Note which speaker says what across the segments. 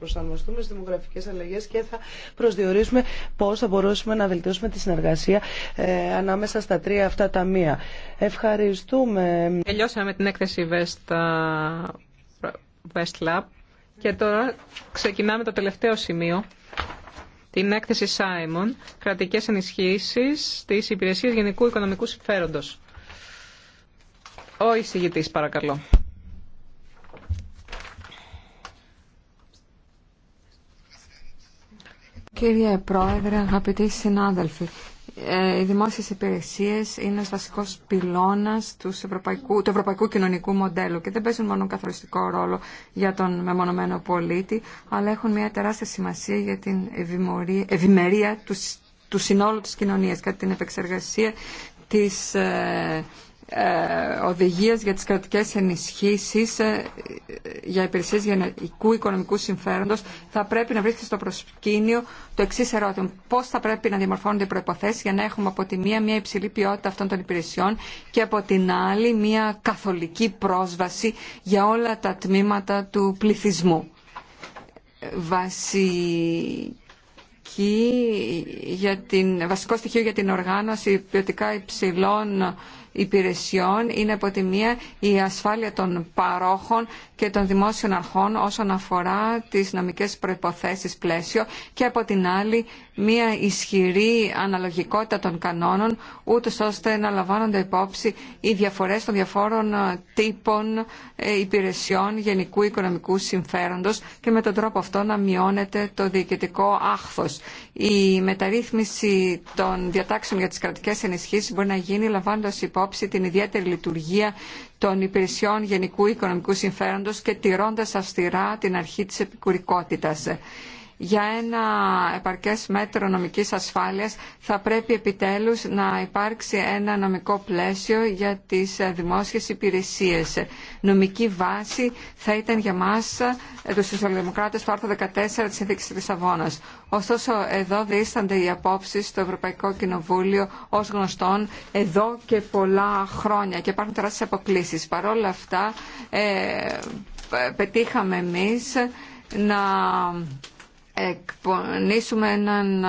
Speaker 1: προσαρμοστούμε στις δημογραφικές αλλαγές και θα προσδιορίσουμε πώς θα μπορέσουμε να βελτιώσουμε τη συνεργασία ε, ανάμεσα στα τρία αυτά τα μία. Ευχαριστούμε.
Speaker 2: Τελειώσαμε την έκθεση West, ε, West Lab και τώρα ξεκινάμε το τελευταίο σημείο. Την έκθεση Simon, κρατικές ενισχύσεις της Υπηρεσίας γενικού οικονομικού συμφέροντος. Ο εισηγητής παρακαλώ.
Speaker 3: Κύριε Πρόεδρε, αγαπητοί συνάδελφοι, ε, οι δημόσιες υπηρεσίες είναι ο βασικός πυλώνας του ευρωπαϊκού, του ευρωπαϊκού κοινωνικού μοντέλου και δεν παίζουν μόνο καθοριστικό ρόλο για τον μεμονωμένο πολίτη, αλλά έχουν μια τεράστια σημασία για την ευημερία του, του συνόλου της κοινωνίας, κατά την επεξεργασία της ε, ε, οδηγίες για τις κρατικές ενισχύσεις ε, για υπηρεσίες γενικού οικονομικού συμφέροντος θα πρέπει να βρίσκεται στο προσκήνιο το εξή ερώτημα. Πώς θα πρέπει να διαμορφώνονται οι προϋποθέσεις για να έχουμε από τη μία μια υψηλή ποιότητα αυτών των υπηρεσιών και από την άλλη μια καθολική πρόσβαση για όλα τα τμήματα του πληθυσμού. βασικό στοιχείο για την οργάνωση ποιοτικά υψηλών υπηρεσιών είναι από τη μία η ασφάλεια των παρόχων και των δημόσιων αρχών όσον αφορά τις νομικές προϋποθέσεις πλαίσιο και από την άλλη μια ισχυρή αναλογικότητα των κανόνων, ούτως ώστε να λαμβάνονται υπόψη οι διαφορές των διαφόρων ε, τύπων ε, υπηρεσιών γενικού οικονομικού συμφέροντος και με τον τρόπο αυτό να μειώνεται το διοικητικό άχθος. Η μεταρρύθμιση των διατάξεων για τις κρατικές ενισχύσεις μπορεί να γίνει λαμβάνοντας υπόψη την ιδιαίτερη λειτουργία των υπηρεσιών γενικού οικονομικού συμφέροντος και τηρώντας αυστηρά την αρχή της επικουρικότητας. Για ένα επαρκές μέτρο νομικής ασφάλειας θα πρέπει επιτέλους να υπάρξει ένα νομικό πλαίσιο για τις δημόσιες υπηρεσίες. Νομική βάση θα ήταν για μας ε, τους Σοσιαλδημοκράτες το άρθρο 14 της Συνθήκης της Λισαβόνας. Ωστόσο εδώ δίστανται οι απόψεις στο Ευρωπαϊκό Κοινοβούλιο ως γνωστόν εδώ και πολλά χρόνια και υπάρχουν τεράστιες αποκλήσεις. Παρ' όλα αυτά ε, πετύχαμε εμείς να εκπονήσουμε έναν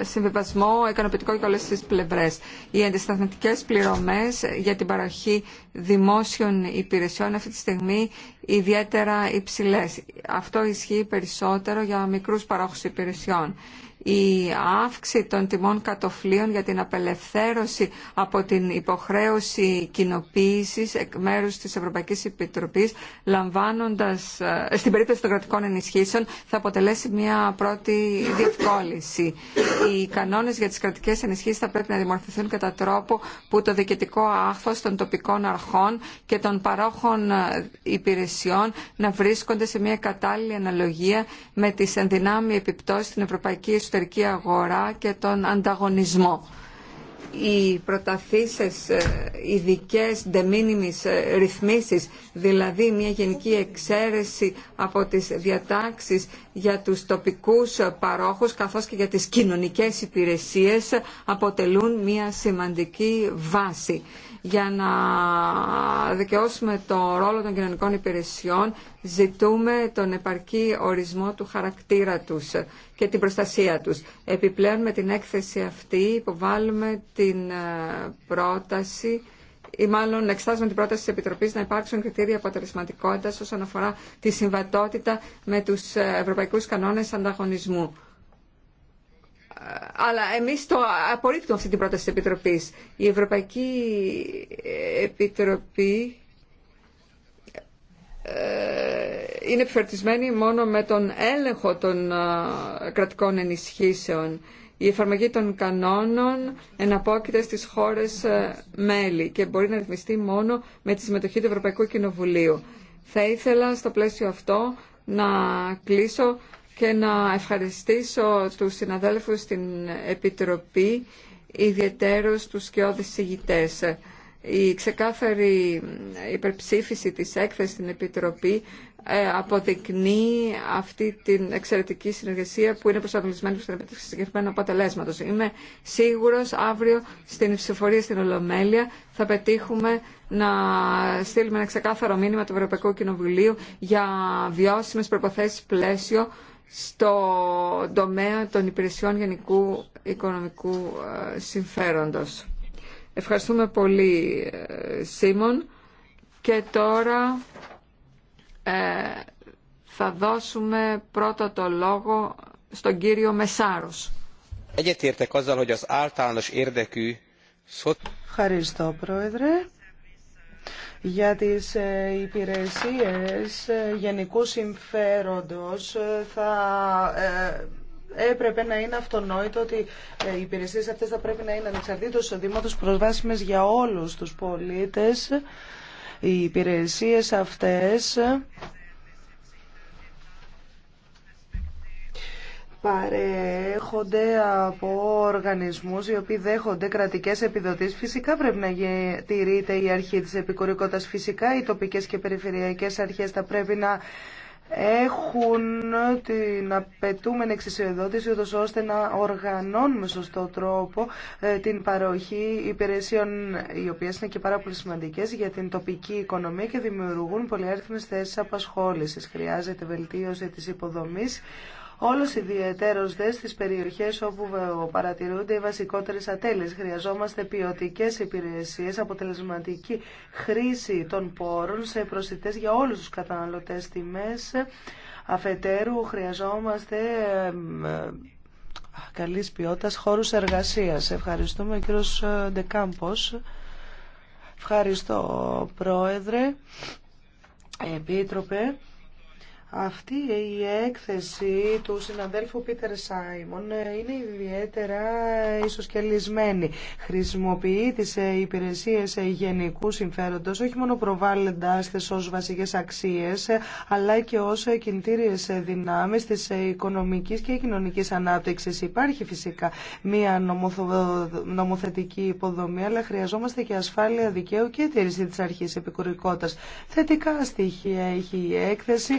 Speaker 3: συμβιβασμό ικανοποιητικό για όλες τις πλευρές. Οι αντισταθμιτικές πληρωμές για την παροχή δημόσιων υπηρεσιών αυτή τη στιγμή ιδιαίτερα υψηλές. Αυτό ισχύει περισσότερο για μικρούς παρόχους υπηρεσιών η αύξηση των τιμών κατοφλίων για την απελευθέρωση από την υποχρέωση κοινοποίηση εκ μέρους της Ευρωπαϊκής Επιτροπής λαμβάνοντας, ε, στην περίπτωση των κρατικών ενισχύσεων θα αποτελέσει μια πρώτη διευκόλυνση. Οι κανόνες για τις κρατικές ενισχύσεις θα πρέπει να δημορφωθούν κατά τρόπο που το διοικητικό άχθος των τοπικών αρχών και των παρόχων ε, υπηρεσιών να βρίσκονται σε μια κατάλληλη αναλογία με τις ενδυνάμει επιπτώσεις στην Ευρωπαϊκή εξωτερική αγορά και τον ανταγωνισμό. Οι προταθήσεις ε, ειδικέ de ε, ρυθμίσεις, δηλαδή μια γενική εξαίρεση από τις διατάξεις για τους τοπικούς παρόχους καθώς και για τις κοινωνικές υπηρεσίες αποτελούν μια σημαντική βάση για να δικαιώσουμε το ρόλο των κοινωνικών υπηρεσιών ζητούμε τον επαρκή ορισμό του χαρακτήρα τους και την προστασία τους. Επιπλέον με την έκθεση αυτή υποβάλλουμε την ε, πρόταση ή μάλλον εξτάζουμε την πρόταση τη Επιτροπής να υπάρξουν κριτήρια αποτελεσματικότητας όσον αφορά τη συμβατότητα με τους ε, ευρωπαϊκούς κανόνες ανταγωνισμού. Αλλά εμεί το απορρίπτουμε αυτή την πρόταση τη Επιτροπής. Η Ευρωπαϊκή Επιτροπή ε, είναι επιφερτισμένη μόνο με τον έλεγχο των ε, κρατικών ενισχύσεων. Η εφαρμογή των κανόνων εναπόκειται στις χώρες ε, μέλη και μπορεί να ρυθμιστεί μόνο με τη συμμετοχή του Ευρωπαϊκού Κοινοβουλίου. Θα ήθελα στο πλαίσιο αυτό να κλείσω και να ευχαριστήσω τους συναδέλφους στην Επιτροπή, ιδιαιτέρως τους και ηγητές. Η ξεκάθαρη υπερψήφιση της έκθεσης στην Επιτροπή ε, αποδεικνύει αυτή την εξαιρετική συνεργασία που είναι προσανατολισμένη στην επίτευξη συγκεκριμένου αποτελέσματος. Είμαι σίγουρος αύριο στην ψηφορία στην Ολομέλεια θα πετύχουμε να στείλουμε ένα ξεκάθαρο μήνυμα του Ευρωπαϊκού Κοινοβουλίου για βιώσιμες προποθέσεις πλαίσιο στο τομέα των υπηρεσιών γενικού οικονομικού ε, συμφέροντος. Ευχαριστούμε πολύ, ε, Σίμων. Και τώρα ε, θα δώσουμε πρώτα το λόγο στον κύριο Μεσάρος.
Speaker 1: Ευχαριστώ, Πρόεδρε για τις ε, υπηρεσίες ε, γενικού συμφέροντος ε, θα έπρεπε να είναι αυτονόητο ότι οι υπηρεσίες αυτές θα πρέπει να είναι ανεξαρτήτως οδήματος προσβάσιμες για όλους τους πολίτες. Οι υπηρεσίες αυτές παρέχονται από οργανισμούς οι οποίοι δέχονται κρατικές επιδοτήσεις. Φυσικά πρέπει να τηρείται η αρχή της επικουρικότητας. Φυσικά οι τοπικές και περιφερειακές αρχές θα πρέπει να έχουν την απαιτούμενη εξισιοδότηση ώστε να οργανώνουμε σωστό τρόπο ε, την παροχή υπηρεσιών οι οποίες είναι και πάρα πολύ σημαντικές για την τοπική οικονομία και δημιουργούν πολυάριθμες θέσεις απασχόλησης. Χρειάζεται βελτίωση της υποδομής Όλο ιδιαίτερο δε στι περιοχές όπου παρατηρούνται οι βασικότερες ατέλειες. Χρειαζόμαστε ποιοτικέ υπηρεσίες, αποτελεσματική χρήση των πόρων σε προσιτέ για όλους τους καταναλωτές τιμέ. Αφετέρου χρειαζόμαστε καλής ποιότητας χώρους εργασίας. Ευχαριστούμε κύριος ε, Ντεκάμπος. Ευχαριστώ πρόεδρε, επίτροπε. Αυτή η έκθεση του συναδέλφου Πίτερ Σάιμον ε, είναι ιδιαίτερα ισοσκελισμένη. Χρησιμοποιεί τις ε, υπηρεσίες ε, γενικού συμφέροντος, όχι μόνο προβάλλοντας τις ως βασικές αξίες, αλλά και ως κινητήριες δυνάμεις της οικονομικής και κοινωνικής ανάπτυξης. Υπάρχει φυσικά μία νομοθετική υποδομή, αλλά χρειαζόμαστε και ασφάλεια δικαίου και τήρηση της αρχής επικουρικότητας. Θετικά στοιχεία έχει η έκθεση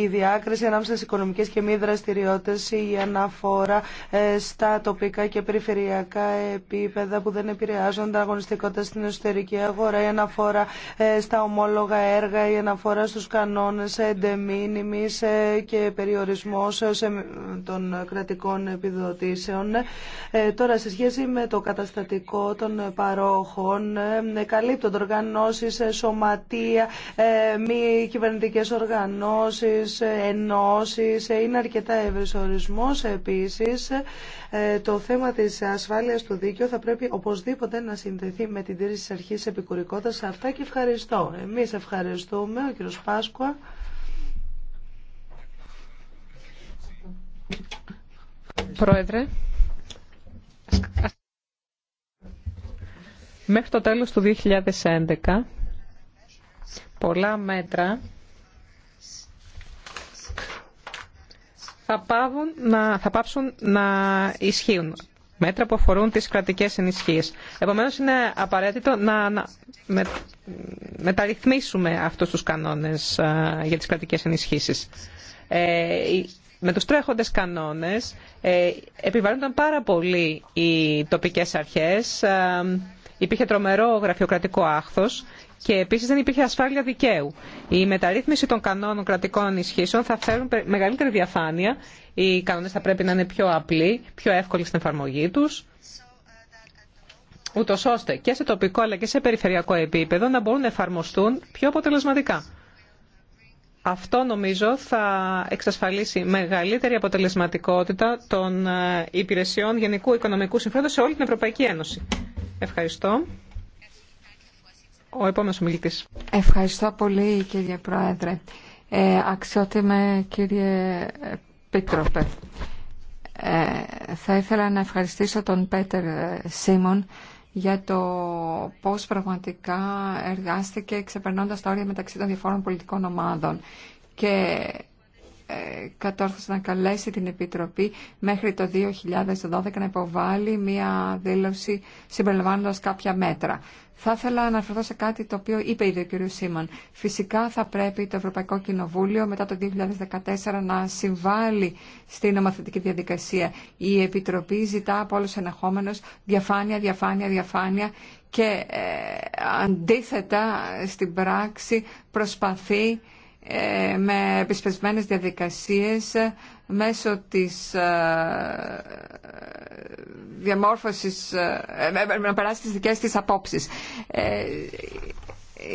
Speaker 1: η διάκριση ανάμεσα στι οικονομικέ και μη δραστηριότητε, η αναφορά ε, στα τοπικά και περιφερειακά επίπεδα που δεν επηρεάζονται την αγωνιστικότητα στην εσωτερική αγορά, η αναφορά ε, στα ομόλογα έργα, η αναφορά στου κανόνε εντεμήνυμη ε, και περιορισμό των κρατικών επιδοτήσεων. Τώρα, σε σχέση με το καταστατικό των παρόχων, καλύπτονται οργανώσει, σωματεία, μη κυβερνητικέ οργανώσει ενώσεις, είναι αρκετά εύρης ορισμός. Επίσης, ε, το θέμα της ασφάλειας του δίκαιου θα πρέπει οπωσδήποτε να συνδεθεί με την τήρηση της αρχής επικουρικότητας. Αυτά και ευχαριστώ. Εμείς ευχαριστούμε, ο κύριος Πάσκουα. Πρόεδρε,
Speaker 2: μέχρι το τέλος του 2011 πολλά μέτρα θα, πάβουν, να, θα πάψουν να ισχύουν. Μέτρα που αφορούν τις κρατικές ενισχύες. Επομένως είναι απαραίτητο να, να μεταρρυθμίσουμε αυτούς τους κανόνες για τις κρατικές ενισχύσεις. Ε, με τους τρέχοντες κανόνες ε, πάρα πολύ οι τοπικές αρχές, ε, ε, υπήρχε τρομερό γραφειοκρατικό άχθος και επίσης δεν υπήρχε ασφάλεια δικαίου. Η μεταρρύθμιση των κανόνων κρατικών ενισχύσεων θα φέρουν μεγαλύτερη διαφάνεια. Οι κανόνες θα πρέπει να είναι πιο απλοί, πιο εύκολοι στην εφαρμογή τους ούτω ώστε και σε τοπικό αλλά και σε περιφερειακό επίπεδο να μπορούν να εφαρμοστούν πιο αποτελεσματικά. Αυτό νομίζω θα εξασφαλίσει μεγαλύτερη αποτελεσματικότητα των ε, υπηρεσιών γενικού οικονομικού συμφέροντος σε όλη την Ευρωπαϊκή Ένωση. Ευχαριστώ ο επόμενος ομιλητής.
Speaker 3: Ευχαριστώ πολύ κύριε Πρόεδρε. Ε, αξιότιμε κύριε Πίτροπε. Ε, θα ήθελα να ευχαριστήσω τον Πέτερ Σίμων για το πώς πραγματικά εργάστηκε ξεπερνώντας τα όρια μεταξύ των διαφόρων πολιτικών ομάδων. Και ε, κατόρθωσε να καλέσει την Επιτροπή μέχρι το 2012 να υποβάλει μία δήλωση συμπεριλαμβάνοντας κάποια μέτρα. Θα ήθελα να αναφερθώ σε κάτι το οποίο είπε ήδη ο κ. Σίμαν. Φυσικά θα πρέπει το Ευρωπαϊκό Κοινοβούλιο μετά το 2014 να συμβάλλει στην νομοθετική διαδικασία. Η Επιτροπή ζητά από όλους ενεχόμενους διαφάνεια, διαφάνεια, διαφάνεια και ε, αντίθετα στην πράξη προσπαθεί ε, με επισπεσμένες διαδικασίες μέσω της ε, διαμόρφωσης, ε, να περάσει τις δικές της απόψεις.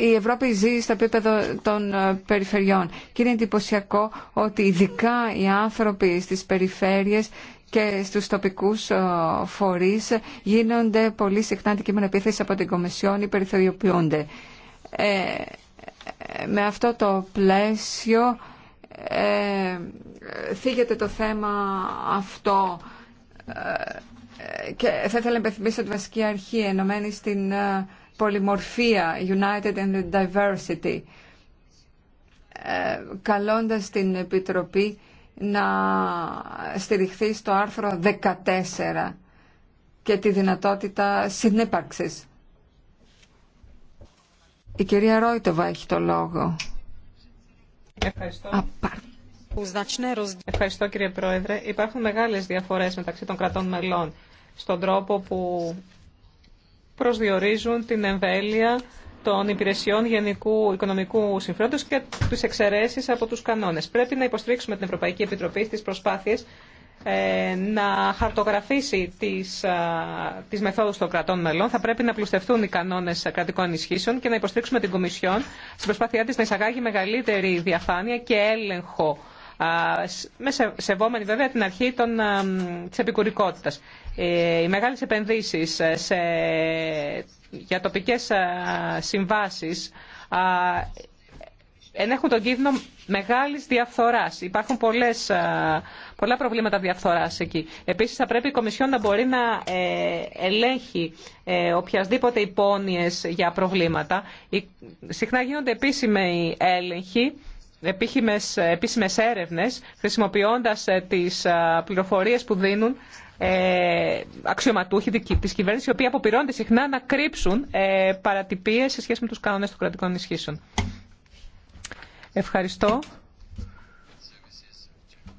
Speaker 3: Η Ευρώπη ζει στο επίπεδο των περιφερειών και είναι εντυπωσιακό ότι ειδικά οι άνθρωποι στις περιφέρειες και στους τοπικούς φορείς γίνονται πολύ συχνά αντικείμενα επίθεση από την Κομισιόν ή περιθωριοποιούνται με αυτό το πλαίσιο ε, θίγεται το θέμα αυτό ε, και θα ήθελα να υπενθυμίσω τη βασική αρχή ενωμένη στην ε, πολυμορφία United and Diversity ε, καλώντας την Επιτροπή να στηριχθεί στο άρθρο 14 και τη δυνατότητα συνύπαρξης η κυρία Ρόιτοβα έχει το λόγο.
Speaker 2: Ευχαριστώ. Ευχαριστώ κύριε Πρόεδρε. Υπάρχουν μεγάλες διαφορές μεταξύ των κρατών μελών στον τρόπο που προσδιορίζουν την εμβέλεια των υπηρεσιών γενικού οικονομικού συμφέροντος και τις εξαιρέσεις από τους κανόνες. Πρέπει να υποστηρίξουμε την Ευρωπαϊκή Επιτροπή στις προσπάθειες ε, να χαρτογραφήσει τις, ε, τις μεθόδους των κρατών μελών. Θα πρέπει να πλουστευτούν οι κανόνες κρατικών ενισχύσεων και να υποστήριξουμε την Κομισιόν στην προσπάθειά της να εισαγάγει μεγαλύτερη διαφάνεια και έλεγχο με σεβόμενη βέβαια την αρχή των, της επικουρικότητας. Ε, οι μεγάλες επενδύσεις σε, για τοπικές συμβάσεις ενέχουν τον κίνδυνο μεγάλης διαφθοράς. Υπάρχουν πολλές, πολλά προβλήματα διαφθοράς εκεί. Επίσης θα πρέπει η Κομισιόν να μπορεί να ε, ελέγχει ε, οποιασδήποτε υπόνοιες για προβλήματα. συχνά γίνονται επίσημοι έλεγχοι επίσημες, επίσημες έρευνες χρησιμοποιώντας ε, τις πληροφορίες που δίνουν ε, αξιωματούχοι της κυβέρνησης οι οποίοι αποπειρώνται συχνά να κρύψουν ε, παρατυπίες σε σχέση με τους κανόνες των κρατικών ισχύσεων. Ευχαριστώ.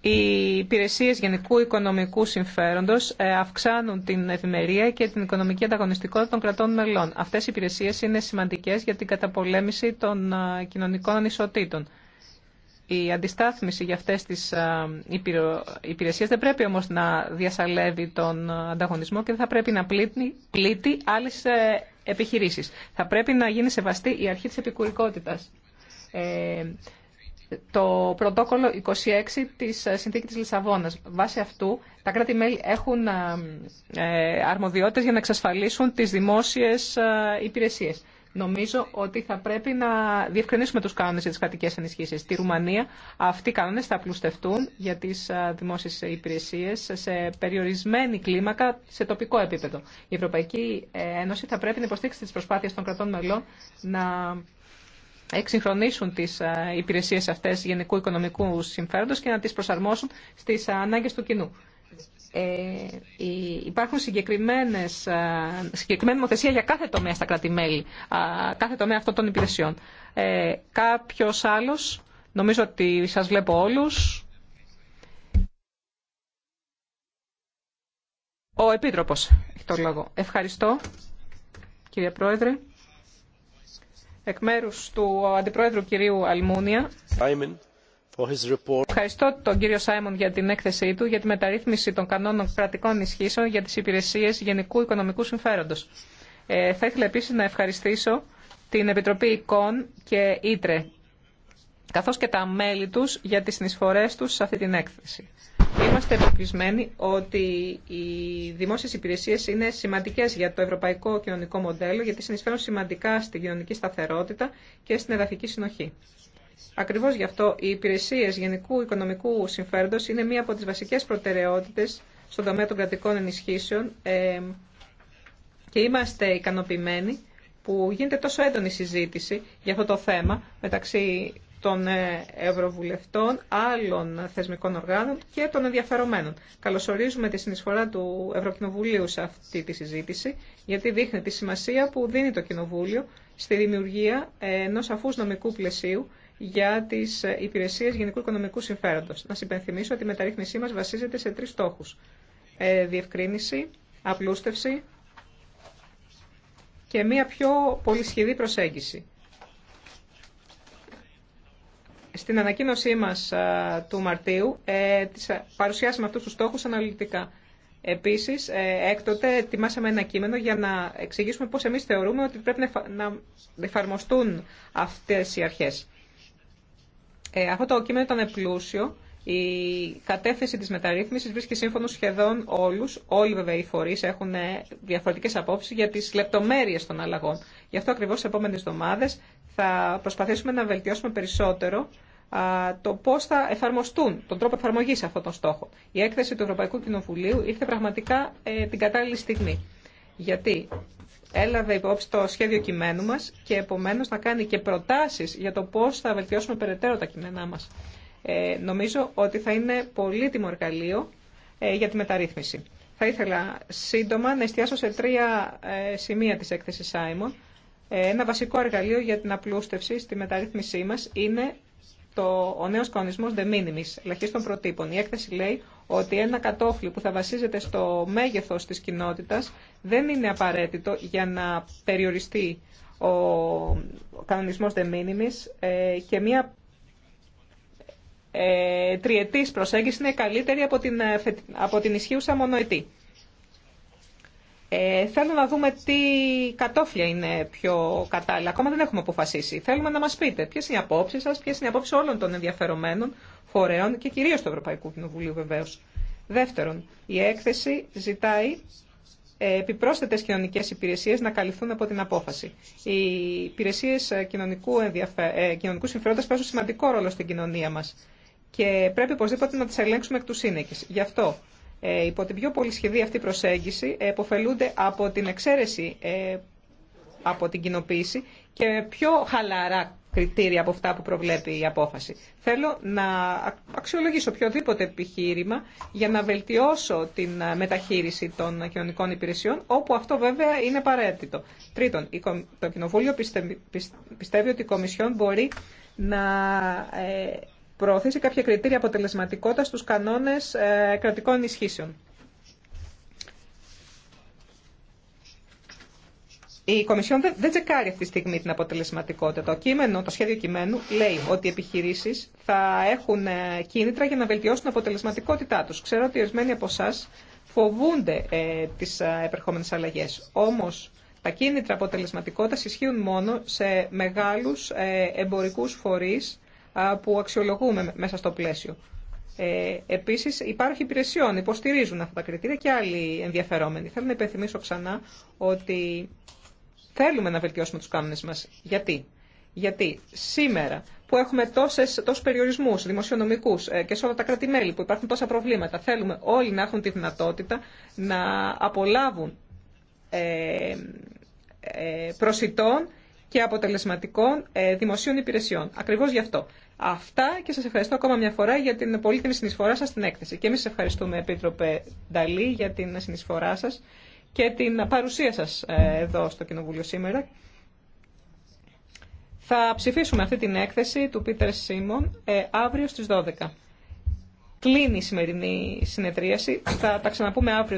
Speaker 2: Οι υπηρεσίε γενικού οικονομικού συμφέροντο ε, αυξάνουν την ευημερία και την οικονομική ανταγωνιστικότητα των κρατών μελών. Αυτέ οι υπηρεσίε είναι σημαντικέ για την καταπολέμηση των ε, κοινωνικών ανισοτήτων. Η αντιστάθμιση για αυτέ τι ε, υπηρεσίε δεν πρέπει όμω να διασαλεύει τον ανταγωνισμό και δεν θα πρέπει να πλήττει άλλε επιχειρήσει. Θα πρέπει να γίνει σεβαστή η αρχή τη επικουρικότητα ε, το πρωτόκολλο 26 της ε, Συνθήκης της Λισαβόνας. Βάσει αυτού, τα κράτη-μέλη έχουν ε, αρμοδιότητες για να εξασφαλίσουν τις δημόσιες υπηρεσίες. Νομίζω ότι θα πρέπει να διευκρινίσουμε τους κανόνες για τις κρατικές ενισχύσεις. Στη Ρουμανία αυτοί οι κανόνες θα πλουστευτούν για τις δημόσιες υπηρεσίες σε περιορισμένη κλίμακα σε τοπικό επίπεδο. Η Ευρωπαϊκή Ένωση θα πρέπει να υποστήξει τις προσπάθειες των κρατών μελών να εξυγχρονίσουν τις ε, υπηρεσίες αυτές γενικού οικονομικού συμφέροντος και να τις προσαρμόσουν στις ανάγκες του κοινού. Ε, υπάρχουν συγκεκριμένες, ε, συγκεκριμένη νομοθεσία για κάθε τομέα στα κράτη-μέλη, κάθε τομέα αυτών των υπηρεσιών. Ε, κάποιος άλλος, νομίζω ότι σας βλέπω όλους. Ο Επίτροπος έχει το λόγο. Ευχαριστώ, κύριε Πρόεδρε εκ μέρου του Αντιπρόεδρου κυρίου Αλμούνια. Ευχαριστώ τον κύριο Σάιμον για την έκθεσή του για τη μεταρρύθμιση των κανόνων κρατικών ισχύσεων για τις υπηρεσίες γενικού οικονομικού συμφέροντος. Ε, θα ήθελα επίσης να ευχαριστήσω την Επιτροπή Εικόν και Ήτρε, καθώς και τα μέλη τους για τις συνεισφορές τους σε αυτή την έκθεση. Είμαστε επιπλησμένοι ότι οι δημόσιες υπηρεσίες είναι σημαντικές για το ευρωπαϊκό κοινωνικό μοντέλο, γιατί συνεισφέρουν σημαντικά στην κοινωνική σταθερότητα και στην εδαφική συνοχή. Ακριβώς γι' αυτό οι υπηρεσίες γενικού οικονομικού συμφέροντος είναι μία από τις βασικές προτεραιότητες στον τομέα των κρατικών ενισχύσεων ε, και είμαστε ικανοποιημένοι που γίνεται τόσο έντονη συζήτηση για αυτό το θέμα μεταξύ των ε, Ευρωβουλευτών, άλλων θεσμικών οργάνων και των ενδιαφερομένων. Καλωσορίζουμε τη συνεισφορά του Ευρωκοινοβουλίου σε αυτή τη συζήτηση, γιατί δείχνει τη σημασία που δίνει το Κοινοβούλιο στη δημιουργία ε, ενό αφού νομικού πλαισίου για τι ε, υπηρεσίε γενικού οικονομικού συμφέροντο. Να συμπενθυμίσω ότι η μεταρρύθμισή μα βασίζεται σε τρει στόχου. διευκρίνηση, απλούστευση και μια πιο πολυσχεδή προσέγγιση. Στην ανακοίνωσή μας του Μαρτίου ε, παρουσιάσαμε αυτού του στόχου αναλυτικά. Επίσης, ε, έκτοτε ετοιμάσαμε ένα κείμενο για να εξηγήσουμε πώς εμείς θεωρούμε ότι πρέπει να εφαρμοστούν αυτές οι αρχές. Ε, αυτό το κείμενο ήταν πλούσιο. Η κατεύθυνση της μεταρρύθμισης βρίσκει σύμφωνο σχεδόν όλους. Όλοι βέβαια οι φορείς έχουν διαφορετικές απόψεις για τις λεπτομέρειες των αλλαγών. Γι' αυτό ακριβώς σε επόμενε εβδομάδε θα προσπαθήσουμε να βελτιώσουμε περισσότερο το πώ θα εφαρμοστούν, τον τρόπο εφαρμογή αυτών των στόχων. Η έκθεση του Ευρωπαϊκού Κοινοβουλίου ήρθε πραγματικά ε, την κατάλληλη στιγμή. Γιατί έλαβε υπόψη το σχέδιο κειμένου μα και επομένω να κάνει και προτάσει για το πώ θα βελτιώσουμε περαιτέρω τα κείμενά μα. Ε, νομίζω ότι θα είναι πολύτιμο εργαλείο ε, για τη μεταρρύθμιση. Θα ήθελα σύντομα να εστιάσω σε τρία ε, σημεία της έκθεσης Σάιμον. Ένα βασικό εργαλείο για την απλούστευση στη μεταρρύθμισή μας είναι το, ο νέο κανονισμό de minimis, ελαχίστων προτύπων. Η έκθεση λέει ότι ένα κατόφλι που θα βασίζεται στο μέγεθος της κοινότητας δεν είναι απαραίτητο για να περιοριστεί ο κανονισμό de minimis ε, και μια ε, τριετής προσέγγιση είναι καλύτερη από την, ε, από την ισχύουσα μονοετή. Ε, θέλουμε να δούμε τι κατόφλια είναι πιο κατάλληλα. Ακόμα δεν έχουμε αποφασίσει. Θέλουμε να μα πείτε ποιε είναι οι απόψει σας, ποιε είναι οι απόψει όλων των ενδιαφερομένων φορέων και κυρίω του Ευρωπαϊκού Κοινοβουλίου βεβαίω. Δεύτερον, η έκθεση ζητάει ε, επιπρόσθετε κοινωνικέ υπηρεσίε να καλυφθούν από την απόφαση. Οι υπηρεσίε ε, κοινωνικού, ενδιαφε... Ε, παίζουν σημαντικό ρόλο στην κοινωνία μα. και πρέπει οπωσδήποτε να τι ελέγξουμε εκ του σύνεκης. Γι' αυτό ε, υπό την πιο πολυσχεδή αυτή προσέγγιση ε, εποφελούνται από την εξαίρεση ε, από την κοινοποίηση και πιο χαλαρά κριτήρια από αυτά που προβλέπει η απόφαση. Θέλω να αξιολογήσω οποιοδήποτε επιχείρημα για να βελτιώσω την ε, μεταχείριση των κοινωνικών υπηρεσιών, όπου αυτό βέβαια είναι απαραίτητο. Τρίτον, το Κοινοβούλιο πιστεύει ότι η Κομισιόν μπορεί να προωθήσει κάποια κριτήρια αποτελεσματικότητα στους κανόνες ε, κρατικών ενισχύσεων. Η Κομισιόν δεν τσεκάρει αυτή τη στιγμή την αποτελεσματικότητα. Το κείμενο, το σχέδιο κειμένου λέει ότι οι επιχειρήσει θα έχουν ε, κίνητρα για να βελτιώσουν την αποτελεσματικότητά του. Ξέρω ότι ορισμένοι από εσά φοβούνται ε, τι ε, επερχόμενε αλλαγέ. Όμω τα κίνητρα αποτελεσματικότητα ισχύουν μόνο σε μεγάλου εμπορικού φορεί που αξιολογούμε μέσα στο πλαίσιο. Ε, Επίση, υπάρχει υπηρεσιών, υποστηρίζουν αυτά τα κριτήρια και άλλοι ενδιαφερόμενοι. Θέλω να υπενθυμίσω ξανά ότι θέλουμε να βελτιώσουμε του κάμνες μα. Γιατί? Γιατί σήμερα που έχουμε τόσου περιορισμού δημοσιονομικού ε, και σε όλα τα κρατη που υπάρχουν τόσα προβλήματα, θέλουμε όλοι να έχουν τη δυνατότητα να απολάβουν ε, ε, προσιτών και αποτελεσματικών ε, δημοσίων υπηρεσιών. Ακριβώ γι' αυτό. Αυτά και σα ευχαριστώ ακόμα μια φορά για την πολύτιμη συνεισφορά σα στην έκθεση. Και εμεί σα ευχαριστούμε, Επίτροπε Νταλή, για την συνεισφορά σα και την παρουσία σας ε, εδώ στο Κοινοβούλιο σήμερα. Θα ψηφίσουμε αυτή την έκθεση του Πίτερ Σίμον ε, αύριο στι 12. Κλείνει η σημερινή συνεδρίαση. Θα τα ξαναπούμε αύριο.